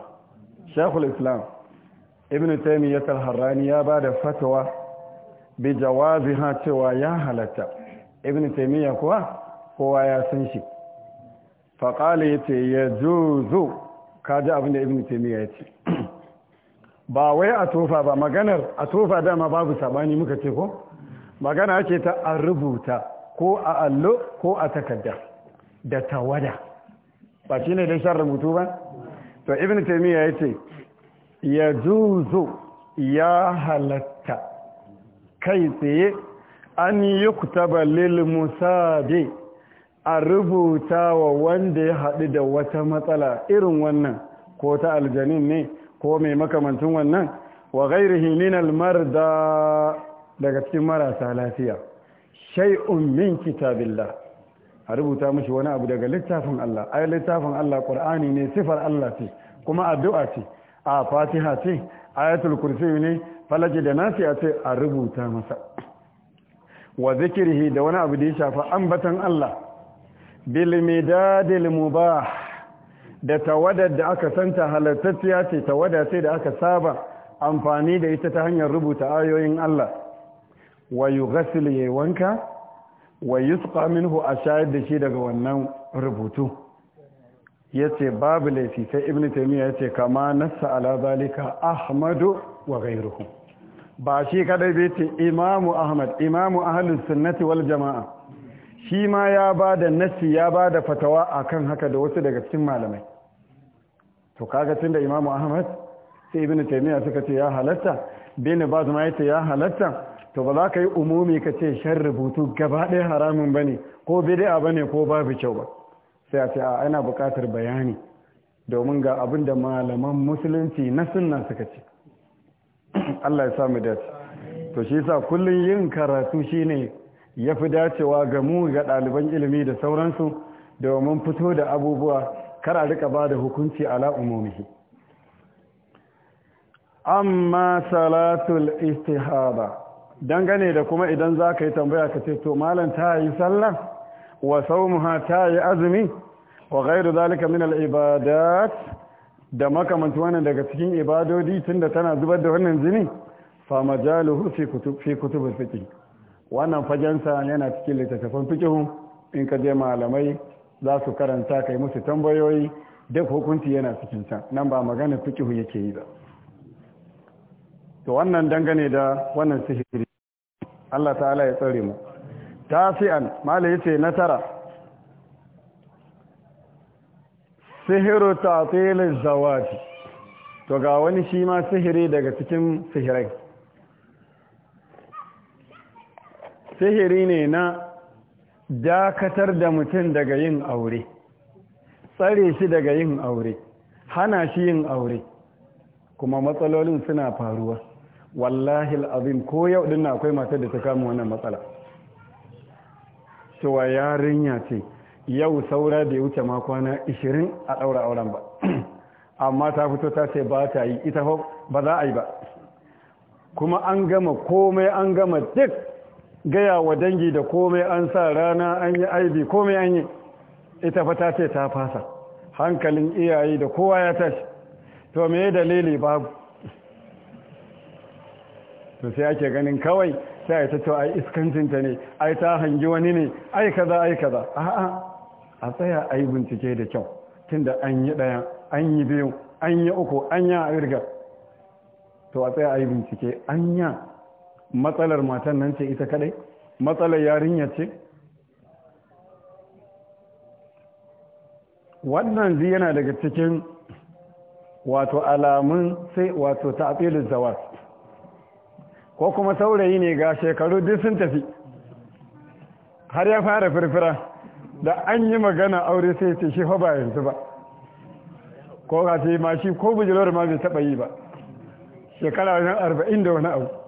shaikul islam ibn taimiyya harrani ya ba da fatawa bi jawazi ha cewa ya halatta ibn taimiyya kuwa kowa ya san shi faƙali ya ce ya zuzu kaji abin da ibn taimiyya ya ce ba wai a tofa ba maganar a tofa dama babu sabani muka ce ko magana ce ta a rubuta ko a allo ko a takarda da tawada ba shi ne don shan rubutu ba to ibn taimiyya ya ce ya zuzo ya halatta kai tsaye an yi kutaba lil musabi a rubuta wa wanda ya haɗu da wata matsala irin wannan ko ta aljanin ne ko mai makamantun wannan wa ghairihi min marda daga cikin marasa lafiya shay'un min kitabillah a rubuta mishi wani abu daga littafin Allah ai littafin Allah Qur'ani ne sifar Allah ce kuma addu'a ce a Fatiha ce ayatul kursi ne falaji da nasi a ce a rubuta masa wa zikirhi da wani abu da ya shafa ambatan Allah bil midadil mubah da tawadar da aka santa halattacciya ce tawada ce da aka saba amfani da ita ta hanyar rubuta ayoyin Allah wa yughsil ya wanka wa yusqa minhu a da shi daga wannan rubutu yace babu laifi sai ibnu taymiya yace kama nassa ala zalika ahmadu wa ghayruhu ba shi kadai bai ce imamu ahmad imamu ahlus sunnati wal jamaa shi ma ya ba da nasi ya ba da fatawa akan haka da wasu daga cikin malamai to kaga tunda imamu ahmad sai ibnu taymiya suka ce ya halatta bin baz ma yace ya halatta to ba za ka yi umumi ka ce shan rubutu gaba ɗaya haramun bane ko bid'a bane ko babu kyau ba sai a ce a ana buƙatar bayani domin ga abin da malaman musulunci na sunna suka ce Allah ya samu dace to shi yasa kullun yin karatu shine yafi dacewa ga mu ga ɗaliban ilimi da sauransu domin fito da abubuwa kara rika ba da hukunci ala umumihi amma salatul istihaba dangane da kuma idan za ka yi tambaya ka ce to malam ta yi sallah wa saumuha ta yi azumi wa ghairu zalika min al-ibadat da makamanci wannan daga cikin ibadodi tunda tana zubar da wannan jini fa majaluhu fi kutub fi fiqh wannan fajensa yana cikin littattafan fiqh in ka je malamai za su karanta kai musu tambayoyi duk hukunci yana cikin can nan ba magana fikihu yake yi ba to wannan dangane da wannan sihiri Allah ta'ala ya tsare mu tafi'an mala yace na tara sihiru ta'til az-zawaj to ga wani shi ma sihiri daga cikin sihirai sihiri ne na dakatar da mutum daga yin aure tsare shi daga yin aure hana shi yin aure kuma matsalolin suna faruwa wallahi al'azim ko yau din akwai matar da ta kama wannan matsala cewa yarinya ce yau saura da ya wuce makwana 20 a ɗaura auren ba amma ta fito ta ce ba ta yi ita ba za a yi ba kuma an gama komai an gama duk gaya wa dangi da komai an sa rana an yi aibi komai an yi ita fata ce ta fasa hankalin iyaye da kowa ya tashi to me dalili babu to sai ake ganin kawai sai ta to ai iskancinta ne ai ta hangi wani ne ai kaza ai kaza a'a a tsaya ai bincike da kyau tunda an yi daya an yi biyu an yi uku an yi a irga to a tsaya ai bincike an yi matsalar matan nan ce ita kadai matsalar yarinya ce wannan zai yana daga cikin wato alamun sai wato ta'abilin zawas ko kuma saurayi ne ga shekaru duk sun tafi har ya fara firfira da an yi magana aure sai ce shi haba ba yanzu ba ko ka ce ma shi ko bujirar ma bai taɓa yi ba shekara wajen arba'in da wani abu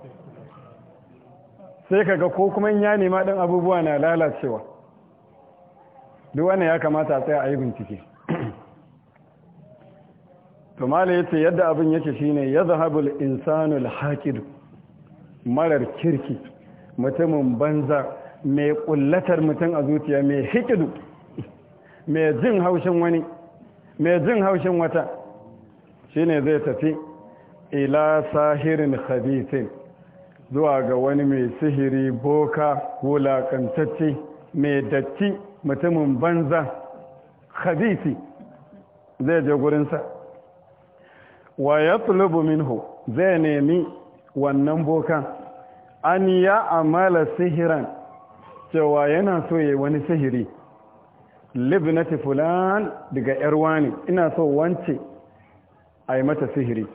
sai kaga ko kuma ya nema ɗin abubuwa na lalacewa duk wannan ya kamata a tsaye a yi bincike to mala yace yadda abin yake shine yazhabul insanul haqid marar kirki mutumin banza mai ƙullatar mutum a zuciya mai hikidu mai jin haushin wani mai jin haushin wata shine zai tafi ila sahirin khabithin zuwa ga wani mai sihiri boka wulakantacce mai datti mutumin banza khabisi zai je gurinsa wa ya tulubu minhu zai nemi wannan boka. an ya amala sihiran cewa yana so ya wani sihiri libnati fulan daga yarwa ne ina so wance a yi mata sihiri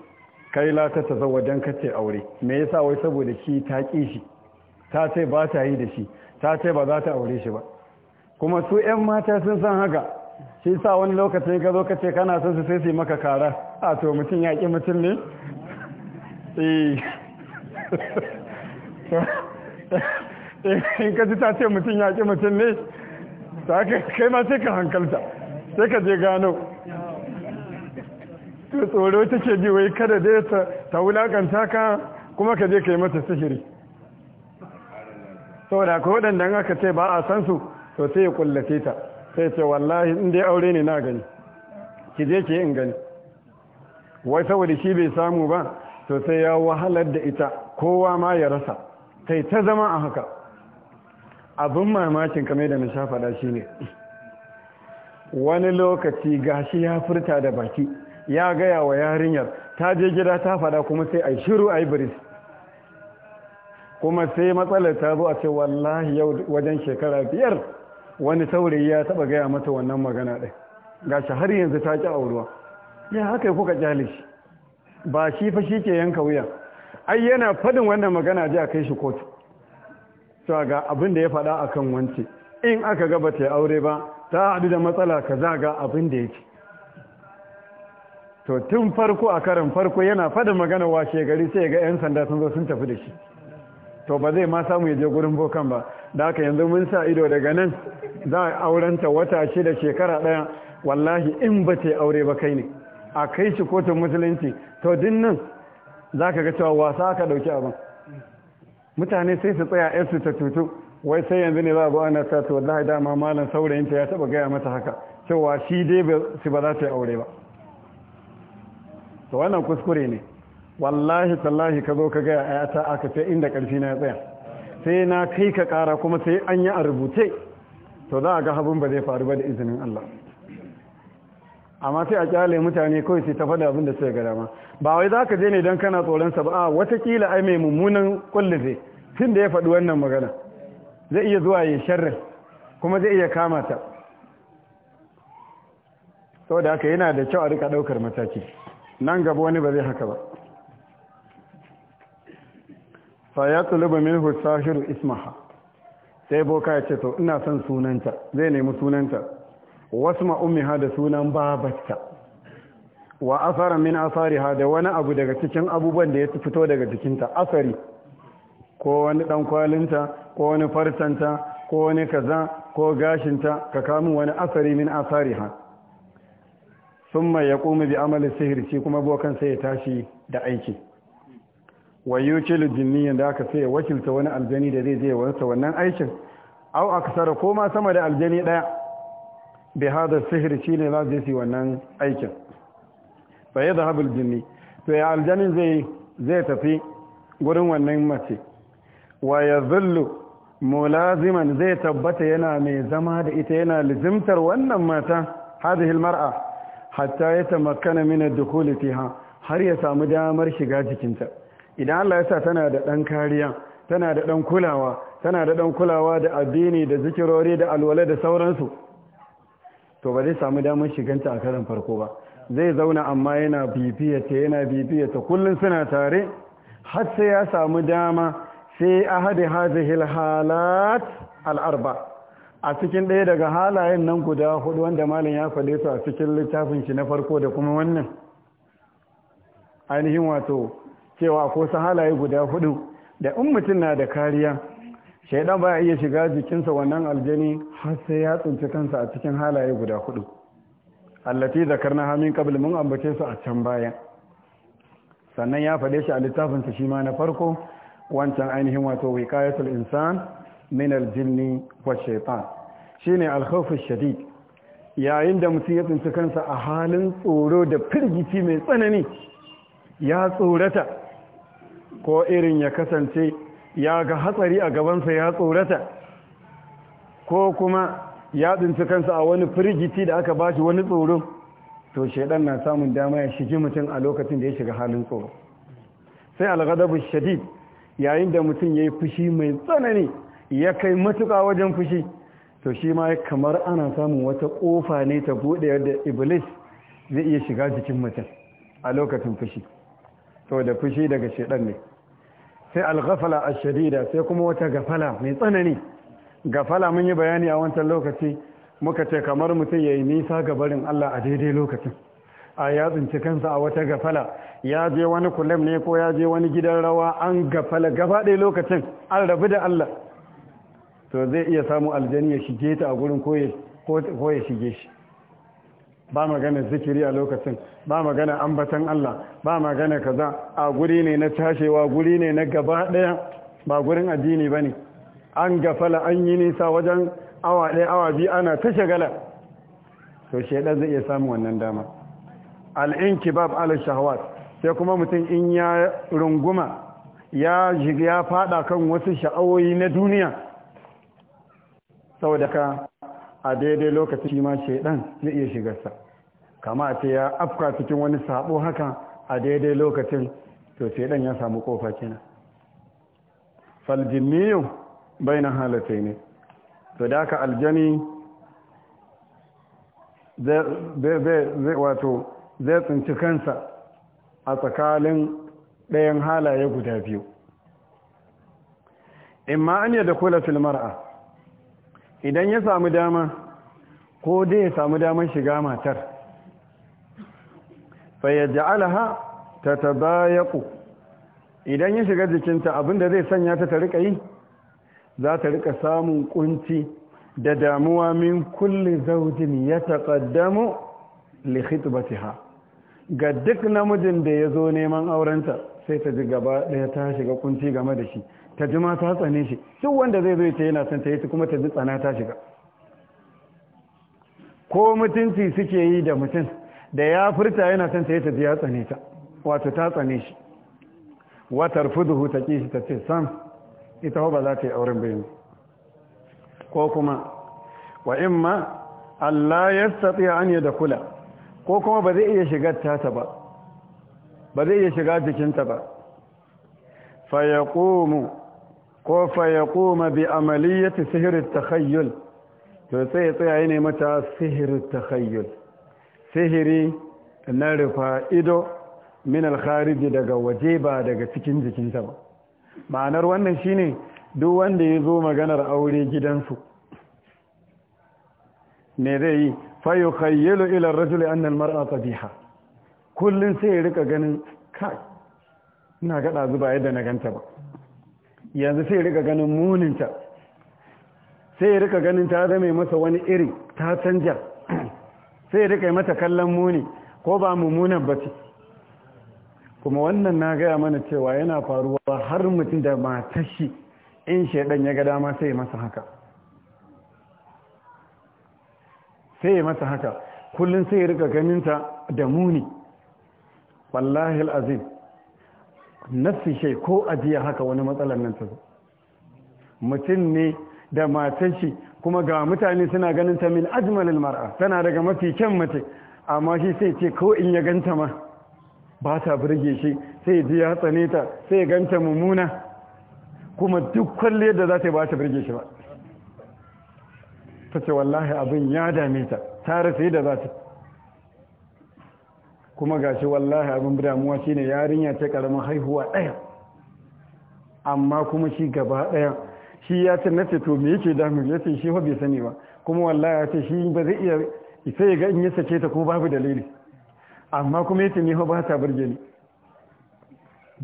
kai la ta wajen kace aure me yasa wai saboda shi ta ki shi ta ce ba ta yi da shi ta ce ba za ta aure shi ba kuma su ƴan mata sun san haka shi sa wani lokacin ka zo kace kana son su sai su maka kara a to mutum ya ki mutum ne eh. in ka ji ta ce mutum ya ki mutum ne ta kai ma sai ka hankalta sai ka je gano to tsoro take ji wai kada dai ta ta wulakanta ka kuma ka je ka yi mata sihiri da ko waɗanda aka ce ba a san su to sai ya kullace ta sai ce wallahi in dai aure ne na gani ki je ki in gani wai saboda shi bai samu ba to sai ya wahalar da ita kowa ma ya rasa sai ta zama a haka abin mamakin kamar da na sha faɗa shine wani lokaci gashi ya furta da baki ya gaya wa yarinyar ta je gida ta faɗa kuma sai a shiru a yi kuma sai matsalar ta zo a ce wallahi yau wajen shekara biyar wani saurayi ya taba gaya mata wannan magana ɗin gashi har yanzu ta ƙi auruwa ya haka kuka kyale shi ba shi fa shi ke yanka wuya ai yana faɗin wannan magana ji a kai shi kotu to ga abin da ya faɗa akan wance in aka ga bata aure ba ta haɗu da matsala kaza ga abin da yake to tun farko a karin farko yana fada magana washe gari sai ga 'yan sanda sun zo sun tafi da shi to ba zai ma samu ya je gurin bokan ba da haka yanzu mun sa ido daga nan za a aurenta wata da shekara ɗaya wallahi in ba ta aure ba kai ne a kai shi kotun musulunci to din nan za ka ga cewa wasa ka ɗauki abin mutane sai su tsaya su ta tutu wai sai yanzu ne za a bu'a ana sa to wallahi dama malam saurayinta ya taɓa gaya masa haka cewa shi dai ba za ta yi aure ba to wannan kuskure ne wallahi tallahi ka zo ka ga ayata aka ce inda karfi na tsaya sai na kai ka kara kuma sai an yi a rubuce to za a ga abin ba zai faru ba da izinin Allah amma sai a kyale mutane kawai sai ta faɗa abin da suka ga dama ba wai za ka je ne don kana tsoron sa ba a watakila ai mai mummunan kullufe tun da ya faɗi wannan magana zai iya zuwa ya sharrin kuma zai iya kama ta saboda haka yana da kyau a rika ɗaukar mataki nan gaba wani ba zai haka ba fa ya tuluba minhu sahiru ismaha sai boka ya ce to ina son sunanta zai nemi sunanta wasu ma'ummiha da sunan babatta wa asara min ha da wani abu daga cikin abubuwan da ya fito daga jikinta asari ko wani dan kwalinta ko wani farsanta ko wani kaza ko gashinta ka kamun wani asari min ha. Sun mai ya ƙumi bi amalin sihiri shi kuma bokan sai ya tashi da aiki wayo ce jinniyan yadda aka sai ya wakilta wani aljani da zai zai wansa wannan aikin au aksara ko koma sama da aljani ɗaya bi hadar sihiri shi ne za su yi wannan aikin ba ya zahabul jinni to ya aljani zai tafi wurin wannan mace wa ya zullu mulaziman zai tabbata yana mai zama da ita yana lizimtar wannan mata hilmar mar'a hatta ya tamakkana min ad-dukhuli fiha har ya samu damar shiga jikinta idan Allah ya sa tana da ɗan kariya tana da ɗan kulawa tana da ɗan kulawa da addini da zikirori da alwala da sauransu to ba zai samu damar shiganta a karan farko ba zai zauna amma yana bibiyata yana bibiyata kullum suna tare har sai ya samu dama sai ahadi hazihil halat al'arba a cikin ɗaya daga halayen nan guda hudu wanda malam ya faɗe su a cikin littafin shi na farko da kuma wannan ainihin wato cewa ko su halaye guda hudu da in mutum na da kariya shaidan ba iya shiga jikinsa wannan aljani har sai ya tsinci kansa a cikin halaye guda hudu allati zakarna hamin qabl mun ambace su a can baya sannan ya faɗe shi a littafinsa shi ma na farko wancan ainihin wato wiqayatul insan min aljinni wa shaitan shine alkhawfu shadid yayin da mutum ya tsinci kansa a halin tsoro da firgici mai tsanani ya tsorata ko irin ya kasance ya ga hatsari a gabansa ya tsorata ko kuma ya tsinci kansa a wani firgici da aka bashi wani tsoro to shaidan na samun dama ya shigi mutum a lokacin da ya shiga halin tsoro sai alghadabu shadid yayin da mutum ya yi fushi mai tsanani ya kai matuka wajen fushi to shi ma kamar ana samun wata ƙofa ne ta buɗe yadda iblis zai iya shiga jikin mutum a lokacin fushi To da fushi daga shaidan ne sai alghafala ashadida sai kuma wata gafala mai tsanani gafala mun yi bayani a wancan lokaci muka ce kamar mutum yayi nisa ga barin Allah a daidai lokacin a ya tsinci kansa a wata gafala ya je wani kullum ne ko ya je wani gidan rawa an gafala gaba ɗaya lokacin an rabu da Allah to zai iya samu aljani ya shige ta a gurin ko ya shige shi ba magana zikiri a lokacin ba magana ambatan Allah ba magana kaza a guri ne na tashewa guri ne na gaba daya ba gurin addini ba ne. an gafala an yi nisa wajen awa ɗaya awa biyu ana ta shagala to shaidar zai iya samun wannan dama Al'inki Bab al shahawat sai kuma mutum in ya runguma ya ya fada kan wasu sha'awoyi na duniya saboda ka a daidai lokaci ma shaidan zai iya shigarsa kama a ce ya afka cikin wani sabo haka a daidai lokacin to shaidan ya samu kofa kenan fal bai na halatai ne to da ka aljani zai tsinci kansa a tsakanin ɗayan halaye guda biyu in ma an yadda kula a? idan ya samu dama ko dai ya samu damar shiga matar Alaha ta tabayaku idan ya shiga jikinta abinda zai sanya ta ta rika yi za ta rika samun kunci da damuwa min kulle zaujin ya taqaddamu li ha ga duk namijin da ya zo neman aurenta sai ta ji gaba ɗaya ta shiga kunci game da shi ta ji ma ta tsane shi duk wanda zai zo ce yana son ta yi kuma ta ji tsana ta shiga ko mutunci suke yi da mutum da ya furta yana son ta yi ta ji ya tsane ta wato ta tsane shi watar fuduhu ta ki shi ta ce sam ita ba za ta yi auren bayan ko kuma wa imma Allah ya tsatsi an ya da kula ko kuma ba zai iya shiga ta ba ba zai iya shiga jikinta ba fayakomu ko fa ya koma bi ta sihirin takhayyul to sai ya tsaya ne mata sihirin takhayyul sihiri na rufa ido min alkhariji daga waje ba daga cikin jikinsa ba ma'anar wannan shine duk wanda ya zo maganar aure gidansu ne zai yi fayu khayyalu ila rajuli annal mar'a qabiha kullun sai ya rika ganin kai ina gada zuba yadda na ganta ba yanzu sai rika ganin muninta sai rika ganin ta zame masa wani iri ta canja sai rika rika mata kallon muni ko ba mummunan ba ce kuma wannan na gaya mana cewa yana faruwa har mutum da matashi in shaidan ya ga dama sai masa haka sai masa haka kullum sai ya rika ganinta da muni wallahi azim nafi shai ko ajiya haka wani matsalar nan ta zo mutum ne da matar shi kuma ga mutane suna ganin ta min ajmalil mar'a tana daga mafi kyan mace amma shi sai ce ko in ya ganta ma ba ta burge shi sai ji ya tsane ta sai ganta mummuna kuma duk kwalliyar yadda za ta ba ta burge shi ba ta ce wallahi abin ya dame ta ta rasa da za ta kuma gashi wallahi abin damuwa shine yarinya ta karamin haihuwa ɗaya amma kuma shi gaba ɗaya shi ya ce na ce to me yake damu ya ce shi fa bai sani ba kuma wallahi ya ce shi ba zai iya sai ga in ya sace ta ko babu dalili amma kuma yace ni fa ba ta burge ni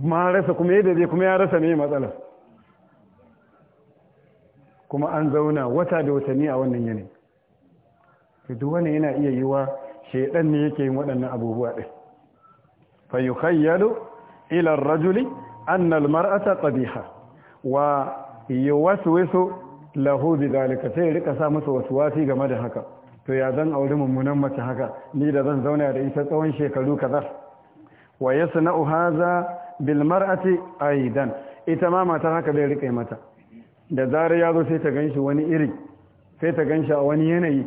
ma rasa kuma yadda zai kuma ya rasa me matsala kuma an zauna wata da watanni a wannan yanayi to duk wannan yana iya yiwa shedan ne yake yin waɗannan abubuwa ɗin fa yukhayyalu ila rajuli annal al-mar'ata qabiha wa yuwaswisu lahu bidhalika sai rika sa masa wasi game da haka to ya zan auri mummunan mace haka ni da zan zauna da ita tsawon shekaru kaza wa yasna'u hadha bil mar'ati aidan ita ma matar haka zai rika mata da zarar ya zo sai ta ganshi wani iri sai ta ganshi a wani yanayi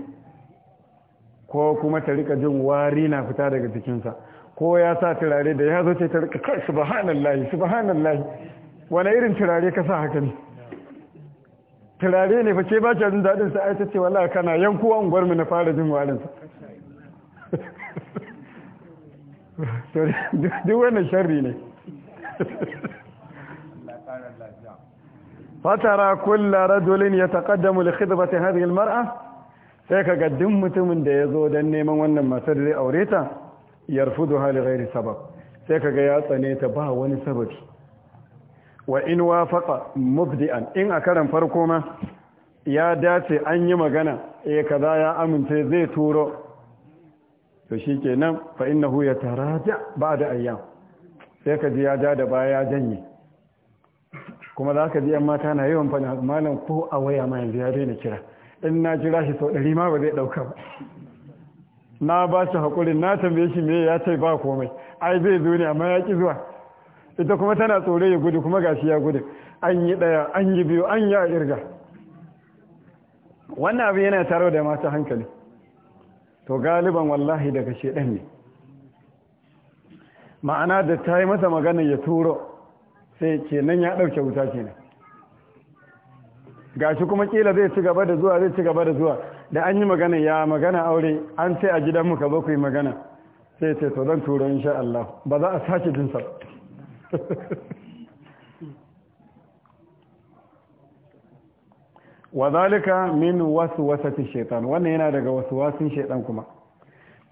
ko kuma ta rika jin wari na fita daga jikinsa ko ya sa turare da ya zo ce ta rika kai subhanallahi subhanallahi wani irin turare ka sa haka ne turare ne fice ba jin daɗin sa aita ce wallahi kana yankuwan gwarmi na fara jin warin sa duk wannan sharri ne Fatara rajulin كل رجل يتقدم لخطبة هذه Mar'a. sai ka ga duk mutumin da ya zo don neman wannan matar zai aure ta da hali gairi sabab sai ka ga ya tsane ta ba wani sababi wa in wafaqa mubdi'an in a karan farko ma ya dace an yi magana e kaza ya amince zai turo to shi ke nan fa raja ba da ayyam sai ka ji ya ja da baya ya janye kuma za ka ji yan mata na yawan fana malam ko a waya ma yanzu ya daina kira in na jira shi sau ɗari ma ba zai ɗauka ba na ba shi haƙuri na tambaye shi me ya ce ba komai ai zai zo ne amma ya ƙi zuwa ita kuma tana tsoro ya gudu kuma gashi ya gudu an yi ɗaya an yi biyu an yi a irga wannan abin yana taro da masu hankali to galiban wallahi daga shedan ne ma'ana da ta yi masa magana ya turo sai kenan ya ɗauke wuta kenan gashi kuma kila zai ci gaba da zuwa zai ci gaba da zuwa da an yi magana ya magana aure an sai a gidanmu ka zo ku yi magana sai ce to zan turo insha Allah ba za a sake jin sa wa zalika min waswasati shaytan wannan yana daga waswasin shaytan kuma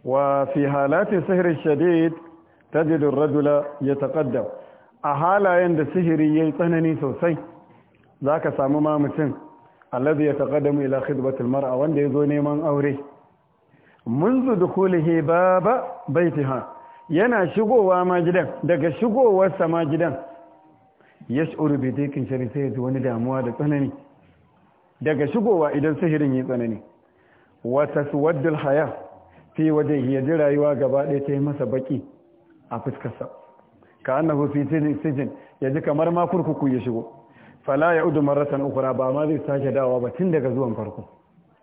wa fi halati sihri shadid tajidu ar-rajula yataqaddam a halayen da sihiri yayi tsanani sosai za ka samu ma mutum allazi ya taqaddamu ila khidmatil mar'a wanda ya zo neman aure منذ دخوله باب بيتها yana shigowa ma gidan daga shigowarsa ma gidan ya shi'uru bai taikin shari wani damuwa da tsanani daga shigowa idan sihirin yi tsanani wata suwaddul haya fi waje ya ji rayuwa gaba ɗaya ta masa baki a fuskarsa ka annahu fi sijin ya ji kamar ma kurkuku ya shigo fala ya udu maratan ukura ba ma zai sake dawa ba tun daga zuwan farko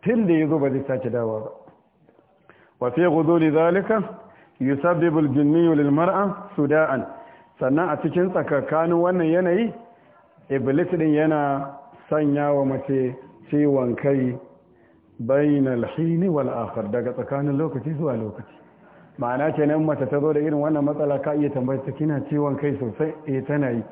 tun da ya zo ba zai sake dawa ba wa fi guzuli zalika yusabbibu al-jinni lil mar'a suda'an sannan a cikin tsakakanin wannan yanayi iblis din yana sanya wa mace ciwon kai bainal hini wal akhir daga tsakanin lokaci zuwa lokaci ma'ana kenan mace ta zo da irin wannan matsala ka iya tambayar ta kina ciwon kai sosai eh tana yi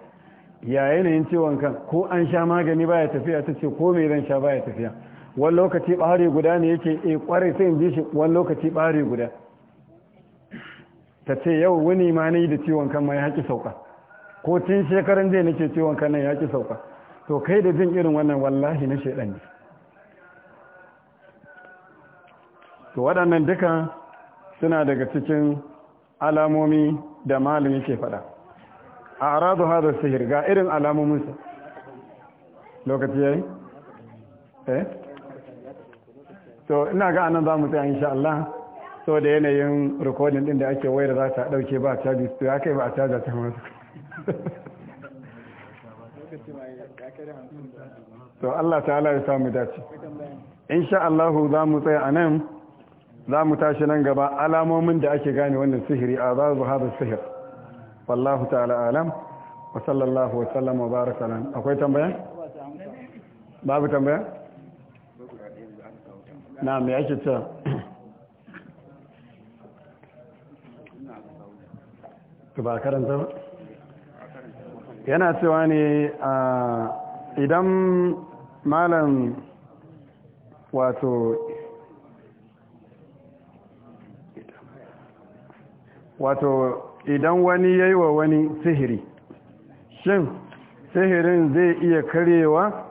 ya yanayin ciwon kan ko an sha magani baya tafiya ta ce ko mai zan sha baya tafiya wani lokaci bari guda ne yake a eh, kware sai in ji shi wani lokaci bari guda ta ce yau wani ma ni da ciwon kan ma ya haƙi sauka ko tun shekaran zai nake ciwon kan nan ya haƙi sauka to kai da jin irin wannan wallahi na shaidan ne to waɗannan duka suna daga cikin alamomi da malin yake faɗa a aradu hada sihir ga irin alamominsa lokaci yayi eh to ina ga anan za mu tsaya insha Allah so da yanayin recording din da ake wayar za ta dauke ba charge to ya kai ba a charge ta masu to Allah ta'ala ya samu dace insha Allah za mu tsaya anan za mu tashi nan gaba alamomin da ake gane wannan sihiri a zazu hada sihir wallahu ta'ala alam wa sallallahu wa sallam wa baraka lan akwai tambaya babu tambaya na me yake ta to ba karanta ba yana cewa ne idan malam wato wato idan wani ya wa wani sihiri shin sihirin zai iya karewa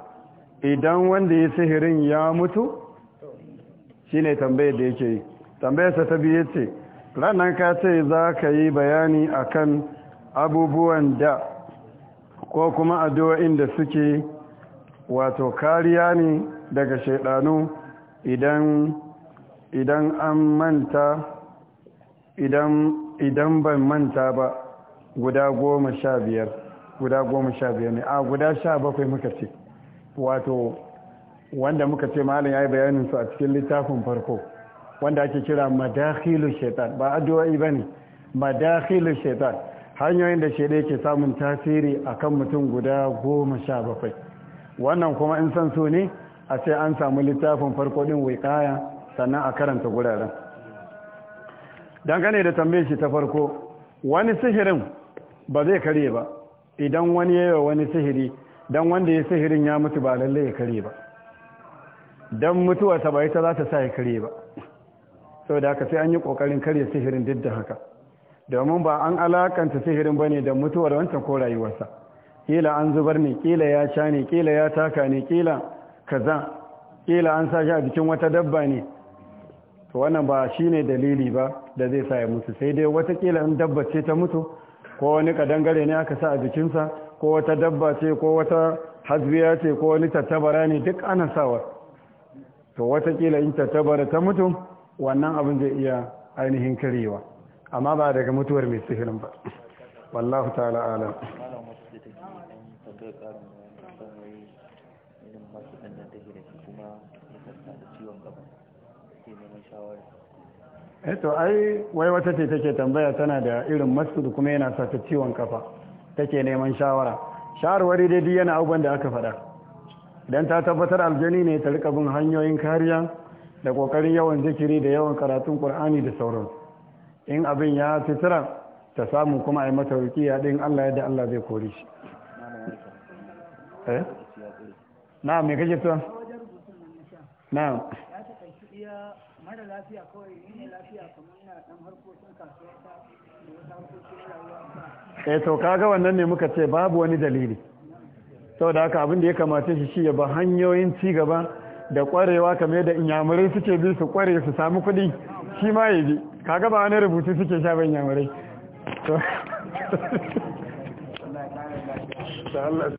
idan wanda ya sihirin ya mutu shi ne tambayar da yake yi tambayarsa ta biye ce ranar ka ce za ka yi bayani akan abubuwan da ko kuma addu'o'in da suke wato kariya ne daga shaidanu idan idan an manta idan idan ban manta ba guda goma sha biyar guda goma sha biyar ne a guda sha bakwai muka ce wato wanda muka ce malin ya yi bayanin su a cikin littafin farko wanda ake kira madakhilu shaitan ba addu'o'i ba ne madakhilu shaitan hanyoyin da shaida yake samun tasiri a kan mutum guda goma sha bakwai wannan kuma in san so ne a ce an samu littafin farko din wai kaya sannan a karanta guraren dangane da tambayin shi ta farko wani sihirin ba zai kare ba idan wani ya yi wani sihiri don wanda ya sihirin ya mutu ba lallai ya kare ba don mutuwarsa ba ta za ta sa ya kare ba sau da haka sai an yi ƙoƙarin kare sihirin duk da haka domin ba an alakanta sihirin ba ne da mutuwar wancan ko rayuwarsa kila an zubar ne kila ya ca ne kila ya taka ne kila kaza kila an sa shi a jikin wata dabba ne to wannan ba shi ne dalili ba da zai sa ya mutu sai dai watakila in dabba ce ta mutu ko wani kadangare ne aka sa a jikinsa ko wata dabba ce ko wata hasbiya ce ko wani tattabara ne duk ana sawa to watakila in tattabara ta mutu wannan abin zai iya ainihin karewa amma ba daga mutuwar mai sihirin ba wallahu ta'ala alam take eh to ai wai wata ce take tambaya tana da irin masud kuma yana sa ciwon kafa take neman shawara shawarwari dai duk yana abubuwan da aka faɗa idan ta tabbatar aljani ne ta rika bin hanyoyin kariya da kokarin yawan zikiri da yawan karatun qur'ani da sauran in abin ya fitira ta samu kuma ai mata rukiya din Allah yadda Allah zai kore shi eh me kake na'am mara lafiya kawai yi ne lafiya kamar yana dan harkokin kasuwa ta da wata harkokin rayuwa ta eh to kaga wannan ne muka ce babu wani dalili saboda haka abin da ya kamata shi shi ya ba hanyoyin cigaba da kwarewa kamar da inyamurai suke bi su kware su samu kuɗi shi ma ya bi kaga ba wani rubutu suke sha ba inyamurai